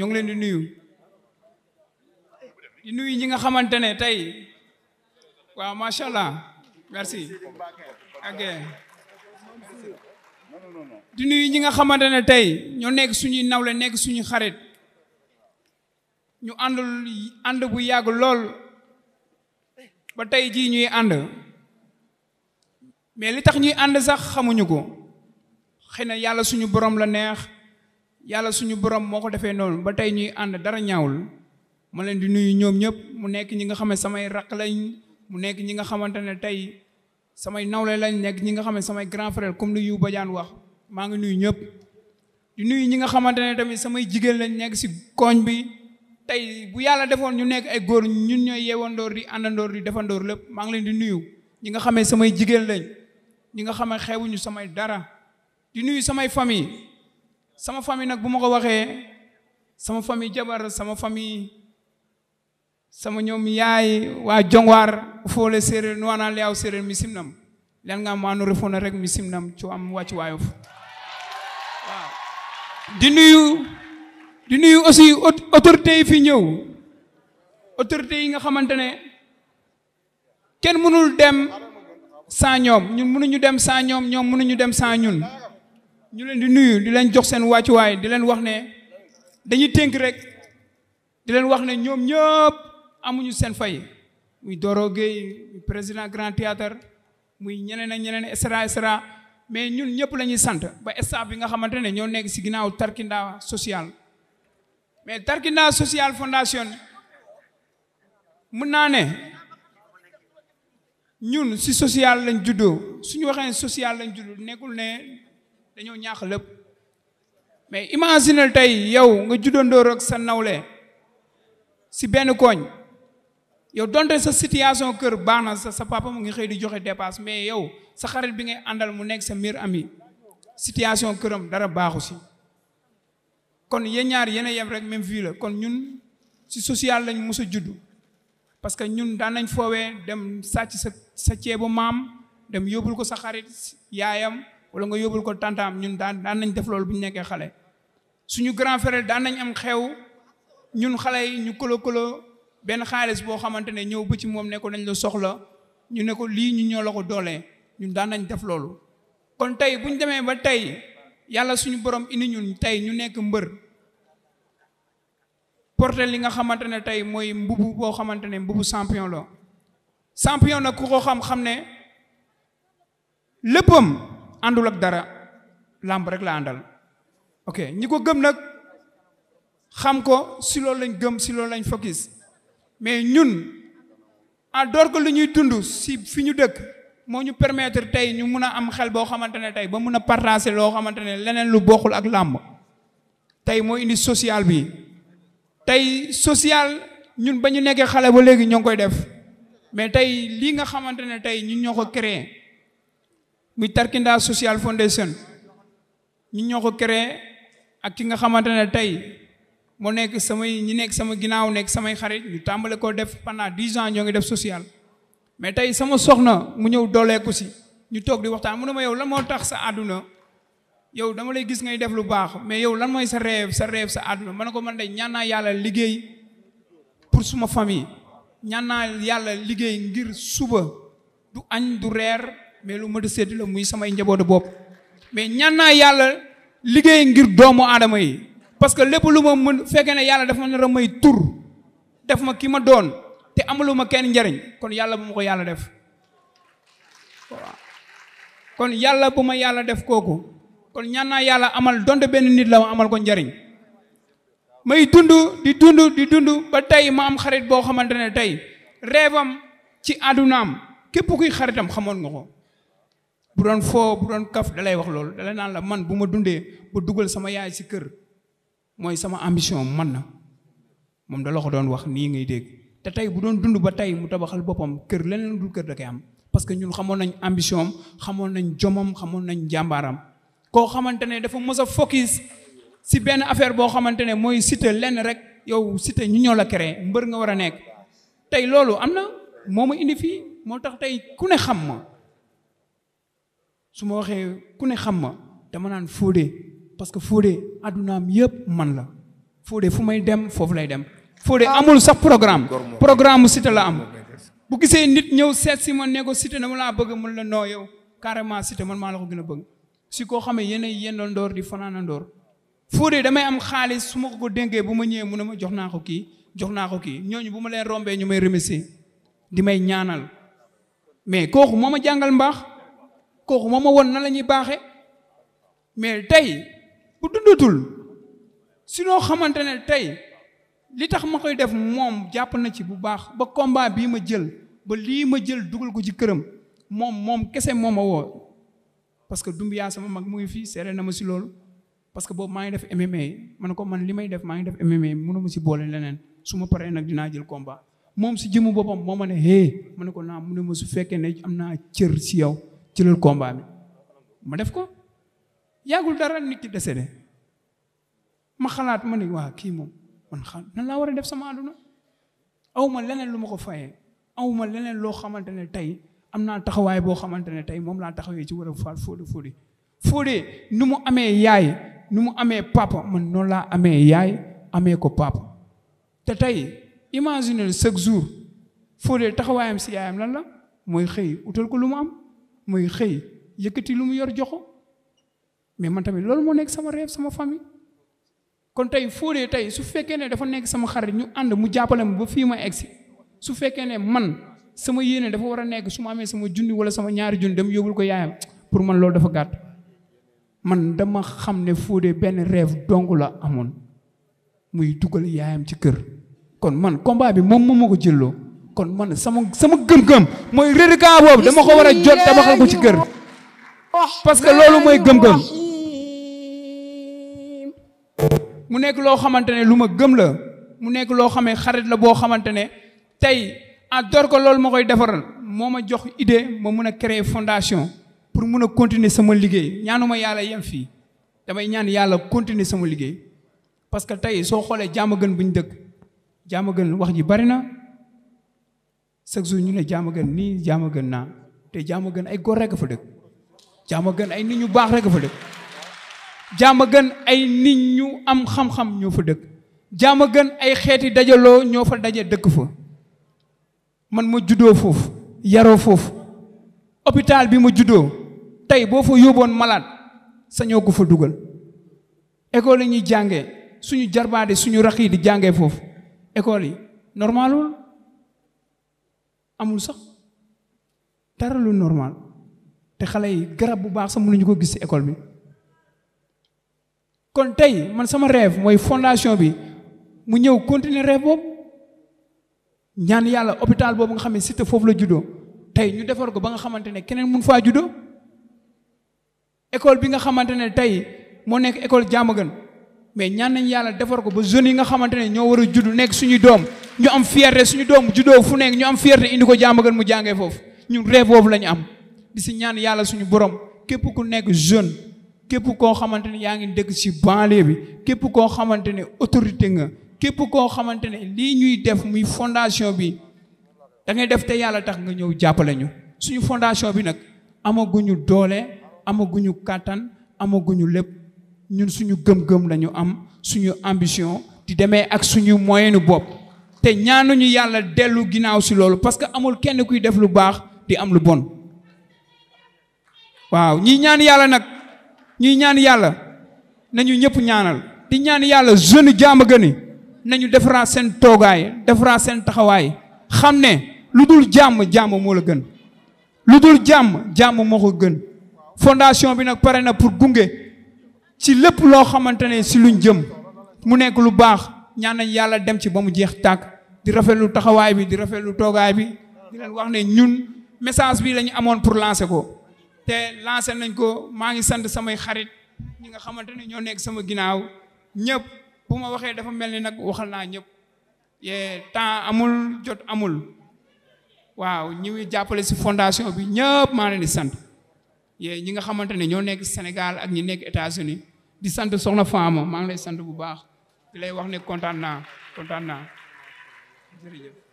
ñoo leen di nuyu di nuyu ñi nga xamante ne tey waaw macha allah merci ok di nuyu ñi nga xamante ne tey ñoo nekk suñuy nawle nekk suñu xarit ñu àndul bu yàgg lool ba tey jii ñuy ànd mais li tax ñuy ànd sax xamuñu ko xëy na yàlla suñu borom la neex yàlla suñu borom moo ko defee noonu ba tey ñuy ànd dara ñaawul ma leen di nuyu ñoom ñëpp mu nekk ñi nga xam ne samay raq lañ mu nekk ñi nga xamante ne tey samay nawle lañ nekk ñi nga xam ne samay grand frère comme lu yu bajaan wax maa ngi nuyu ñëpp di nuyu ñi nga xamante ne tamit samay jigéen lañ nekk si koñ bi tey bu yàlla defoon ñu nekk ay góor ñun ñooy yeewandoor di àndandoor di defandoor lépp maa ngi leen di nuyu ñi nga xamee samay jigéen lañ ñi nga xam xewuñu samay dara di nuyu samay famille sama famille nag bu ma ko waxee sama famille jabar sama famille sama ñoom yaay waa jongwaar foole séeréer nuwaanaa leyaw séeréer mi simnam len nga maanu refoona rek mi simnam ci am wàcc waayof waaw di nuyu di nuyu aussi autorité yi fi ñëw autorité yi nga xamante ne kenn mënul dem sans ñoom ñun mënuñu dem saa ñoom ñoom mënuñu dem sans ñun ñu leen di nuyu di leen jox seen wàccuwaay di leen wax ne dañuy tënk rek di leen wax ne ñoom ñëpp amuñu seen fay muy Doro Gueye président Grand Théâtre muy ñeneen ak ñeneen et cetera et cetera mais ñun ñëpp la sant ba staff bi nga xamante ne ñoo nekk si ginnaaw Tarkinda social mais Tarkinda social fondation mun naa ne ñun si social lañ juddoo suñu waxee social lañ juddoo nekkul ne dañoo ñaax lépp mais imaginal tey yow nga juddandoor ak sa nawle si benn koñ yow donte sa situation kër baax na sa sa papa mu ngi xëy di joxe dépasse mais yow sa xarit bi ngay àndal mu nekk sa miir ami situation këram dara baaxu si kon yéen ñaar yéen a rek même vie kon ñun si social lañ mos a juddu parce que ñun daan nañ foowe dem sàcc sa sa ceebu maam dem yóbbul ko sa xarit yaayam wala nga yóbbul ko tantaam ñun daan daan nañ def loolu bu ñu nekkee xale suñu grand frère daan nañ am xew ñun xale yi ñu kolo kolo benn xaalis boo xamante ne ñëw ba ci moom ne ko dañ la soxla ñu ne ko lii ñu ñoo la ko doolee ñun daan nañ def loolu kon tey bu ñu demee ba tey yàlla suñu borom indi ñun tey ñu nekk mbër porté li nga xamante ne tey mooy mbubu boo xamante ne mbubu champion la champion nag ku ko xam-xam ne léppam àndul ak dara làmb rek la àndal ok ñi ko gëm nag xam ko si loolu lañ gëm si loolu lañ focus mais ñun en dehors que lu ñuy tund si fi ñu dëkk moo ñu permettre tey ñu mun a am xel boo xamante ne tey ba mun a partager loo xamante ne leneen lu bokkul ak làmb tey moo indi social bi tey social ñun ba ñu nekkee xale ba léegi ñoo ngi koy def mais tey lii nga xamante ne tey ñu ñoo ko créer muy tarkindaa Social Foundation ñu ñoo ko créé ak ki nga xamante ne tey moo nekk samay ñu nekk sama ginnaaw nekk samay xarit ñu tàmbale koo def pendant dix ans ñoo ngi def social mais tey sama soxna mu ñëw dooleeku si ñu toog di waxtaan mu ne ma yow lan moo tax sa àdduna yow dama lay gis ngay def lu baax mais yow lan mooy sa rêve sa rêve sa àdduna ma ne ko man de ñaan yàlla liggéey pour suma famille ñaan yàlla liggéey ngir suba du añ du reer mais lu ma di sédd la muy samay njabootu boobu mais ñan naa yàlla liggéey ngir doomu aadama yi parce que lépp lu ma mën fekkee ne yàlla dafa ma nar a may tur def ma ki ma doon te amalu ma kenn njariñ kon yàlla bu ko yàlla def kon yàlla bu ma yàlla def kooku kon ñaan naa yàlla amal donte benn nit la ma amal ko njariñ may dund di dund di dund ba tey ma am xarit boo xamante ne tey reevam ci àddunaam képp kuy xaritam xamoon nga ko bu doon foo bu doon kaf dalay wax loolu dalay naan la man bu ma dundee ba dugal sama yaay si kër mooy sama ambition man na moom da la ko doon wax nii ngay dégg te tey bu doon dund ba tey mu tabaxal boppam kër leneen dul kër da am parce que ñun xamoon nañ ambition xamoon nañ jomam xamoon nañ jàmbaaram koo xamante ne dafa mës a si benn affaire boo xamante ne mooy Siteu lenn rek yow Siteu ñu ñoo la créé mbër nga war a nekk tey loolu am na moo ma indi fii moo tax tey ku ne xam su ma waxee ku ne xam ma dama naan Fodé parce que Fodé addunaam yëpp man la Fodé fu may dem foofu lay dem Fodé ah. amul sax programme programme Siteu la am bu gisee nit ñëw seet si ma ne ko Siteu dama laa bëgg mën la noo yow carrément Siteu man maa la ko gën a bëgg si koo xamee yéen yendoon di fanaanandoor ndoor Fodé damay am xaalis su ma ko ko dénkee bu ma ñëwee mun a ma jox naa ko kii jox naa ko kii ñooñu bu ma leen rombee ñu may remercier di may ñaanal mais kooku jàngal mbaax kooku moom a woon na la ñuy baaxe mais tey bu dundatul sinon xamante ne tey li tax ma koy def moom jàpp na ci bu baax ba combat bii ma jël ba lii ma jël dugal ko ci këram moom moom kese moom a woo parce que dumb yaa sama mag mu ngi fii seere na ma si loolu parce que boobu maa ngi def ma ne ko man li may def maa ngi def MMA ma si boole leneen su ma paree nag dinaa jël combat moom si jëmu boppam moo ma ne hee ma ne ko naa mu ne ma su fekkee ne am naa cër si yow ci loolu combat ma def ko yàggul dara nit ki décédé ma xalaat ma ne waa kii moom man xam nan laa war a def sama àdduna awma leneen lu ma ko fayee awma leneen loo xamante ne tey am naa taxawaay boo xamante ne tey moom laa taxawee ci war a faat Fodé Fodé Fodé nu mu amee yaay nu mu amee papa man noonu laa amee yaay amee ko papa te tey imagine chaque jour Fodé taxawaayam si yaayam lan la mooy xëy utal ko lu mu am muy xëy yëkkati lu mu yor joxo mais man tamit loolu moo nekk sama rêve sama famille kon tey Fodé tey su fekkee ne dafa nekk sama xarit ñu ànd mu jàppale ma ba fii ma si su fekkee ne man sama yéene dafa war a nekk su ma amee sama junni wala sama ñaari junni dem yóbbul ko yaayam pour man loolu dafa gàtt man dama xam ne Fodé benn rêve dong la amoon muy dugal yaayam ci kër kon man combat bi moom moo ma ko jëlloo kon man sama sama gëm-gëm mooy reliquat boobu dama ko war a jot tabaxal ko ci kër parce que loolu mooy gëm-gëm mu nekk loo xamante ne lu ma gëm la mu nekk loo xamee xarit la boo xamante ne tey en ah, door ko loolu ma koy defaral moo ma jox idée ma mun a créer fondation pour mun a continuer sama liggéey ma yàlla yem fii damay ñaan yàlla continuer sama liggéey parce que tey soo xoolee jaama gën buñ ñu dëkk jaama gën wax ji bari chaque jour ñu ne jaama gën nii jaama gën naa te jaama gën ay góor rek fa dëkk jaama gën ay nit ñu baax rek fa dëkk jaama gën ay nit ñu am xam-xam ñoo fa dëkk a gën ay xeeti dajaloo ñoo fa daje dëkk fa man ma juddoo foofu yaroo foofu hôpital bi ma juddoo tey boo fa yóbboon malade sañoo ko fa dugal école yi ñuy jàngee suñu jarbaade suñu rax yi di jàngee foofu école yi normalul amul sax dara lu normal te xale yi garab bu baax sax mënuñu ko gis ci école bi kon tey man sama rêve mooy fondation bi mu ñëw continuer rêve boobu ñaan yàlla hôpital boobu nga xam ne Siteu foofu la juddoo tey ñu defar ko ba nga xamante ne keneen mun faa juddoo école bi nga xamante ne tey moo nekk école Diamaguène mais ñaan nañ yàlla defar ko ba jeunes yi nga xamante ne ñoo war a juddu nekk suñuy doom ñu am fierté suñu doom juddoo fu nekk ñu am fierté indi ko jàmbagan mu jàngee foofu ñun rêve boobu la ñu am di si ñaan yàlla suñu borom képp ku nekk jeune képp koo xamante ne yaa ngi dëkk si banlieue bi képp koo xamante ne autorité nga képp koo xamante ne lii ñuy def muy fondation bi da ngay def te yàlla tax nga ñëw jàppale ñu suñu fondation bi nag amaguñu doole amaguñu kàttan amaguñu lépp ñun suñu gëm-gëm lañu am suñu ambition di demee ak suñu moyenu bopp te ñaanuñu yàlla dellu ginnaaw si loolu parce que amul kenn kuy def lu baax di am lu bon waaw ñuy ñaan yàlla nag ñuy ñaan yàlla nañu ñëpp ñaanal di ñaan yàlla jeune jàmm gëni nañu defaraa seen toogaay defaraat seen taxawaay xam ne lu dul jàmm jàmm moo gën lu dul jàmm jàmm ko gën fondation bi nag pare na pour gunge ci lépp loo xamante ne si luñ jëm mu nekk lu baax ñaan nañ yàlla dem ci ba mu jeex tàkk di rafetlu taxawaay bi di rafetlu toogaay bi di leen wax ne ñun message bi la ñu amoon pour lancer ko te lancer nañ ko maa ngi sant samay xarit ñi nga xamante ne ñoo nekk sama ginnaaw ñëpp bu ma waxee dafa mel ni nag waxal naa ñëpp temps amul jot amul waaw ñi jàppale si fondation bi ñëpp maa leen di sant yee ñi nga xamante ne ñoo nekk Sénégal ak ñi nekk États-Unis di sant soxna Fama maa ngi lay sant bu baax di lay wax ni kontaan naa kontaan naa jërëjëf